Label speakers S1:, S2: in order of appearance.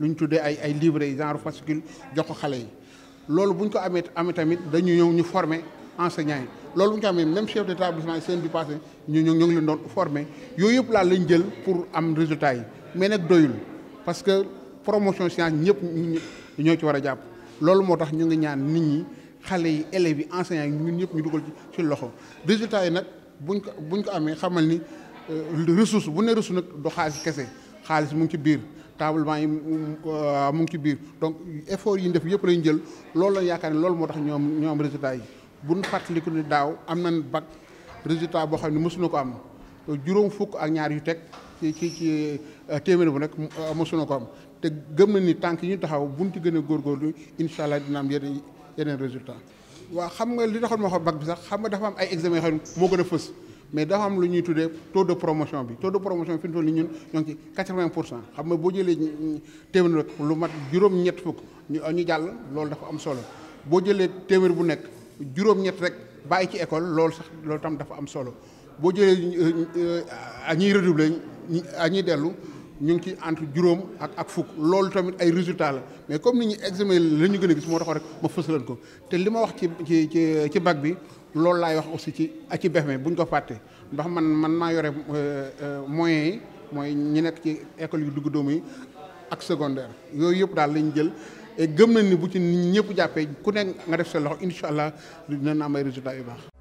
S1: luñ tuddé ay ay livre genre fascicule jox ko xalé yi loolu buñ ko amé amé tamit dañu ñëw ñu former enseignants yi loolu bu ko amé même chef d'établissement seen bi passé ñu ñu ngi leen doon former yooyu la laa lañ jël pour am résultat yi mais nak doyul parce que promotion science ñëpp ñoo ci wara japp jàpp loolu moo ñu ngi ñaan nit ñi xalé yi élèves yi enseignants yi ñun ñëpp ñu duggal ci loxo résultat yi nak buñ ko buñ ko amé xamal ni euh, ressource bu ne ressource nag du xaalis kessé xaliss mu ngi ci biir tablement yi euh, mu ngi ci biir donc effort yi ñu def yëpp lañu jël loolu la yaakaar ne loolu moo tax ñoom ñoom résultat yi bu ñu fàttaliku ni daaw am na bac résultat boo xam ne mësuñu ko am juróom fukk ak ñaar yu teg ci ci ci euh, téeméer bu nekk euh, mësuñu ko am te gëm na ni tànk yi ñu taxaw bu buñ ci gën góor góorgóorlu incha allah dina am yeneen yeneen résultat waaw xam nga li taxoon moo xam bac bi sax xam nga dafa am ay examen yoo xam ne moo gën a fës mais dafa am lu ñuy tuddee taux de promotion bi taux de promotion bi fi mu toll nii ñun ñoo ngi ci quatre-vingt pour cent xam nga boo jëlee téeméer lu mat juróom-ñett fukk ñu ñu jàll loolu dafa am solo boo jëlee téeméer bu nekk juróom-ñett rek bàyyi ci école lool sax loolu tam dafa am solo boo jëlee a euh, euh, ñuy redoubler ñi ñuy dellu. ñu ngi ci entre juróom ak ak fukk loolu tamit ay résultat la mais comme nit ñi examen la ñu gën a gis moo taxoon rek ma fësalan ko te li ma wax ci ci ci ci bac bi loolu laay wax aussi ci ak ci BFEM bu ñu ko fàtte ndax man man maa yore euh, euh, moyens yi mooy ñi nekk ci école yu dugg doom yi ak secondaire yooyu yëpp daal lañu jël et gëm nañ ni bu ci nit ñëpp jàppee ku nekk nga def sa loxo incha allah dinañ am ay résultats yu baax.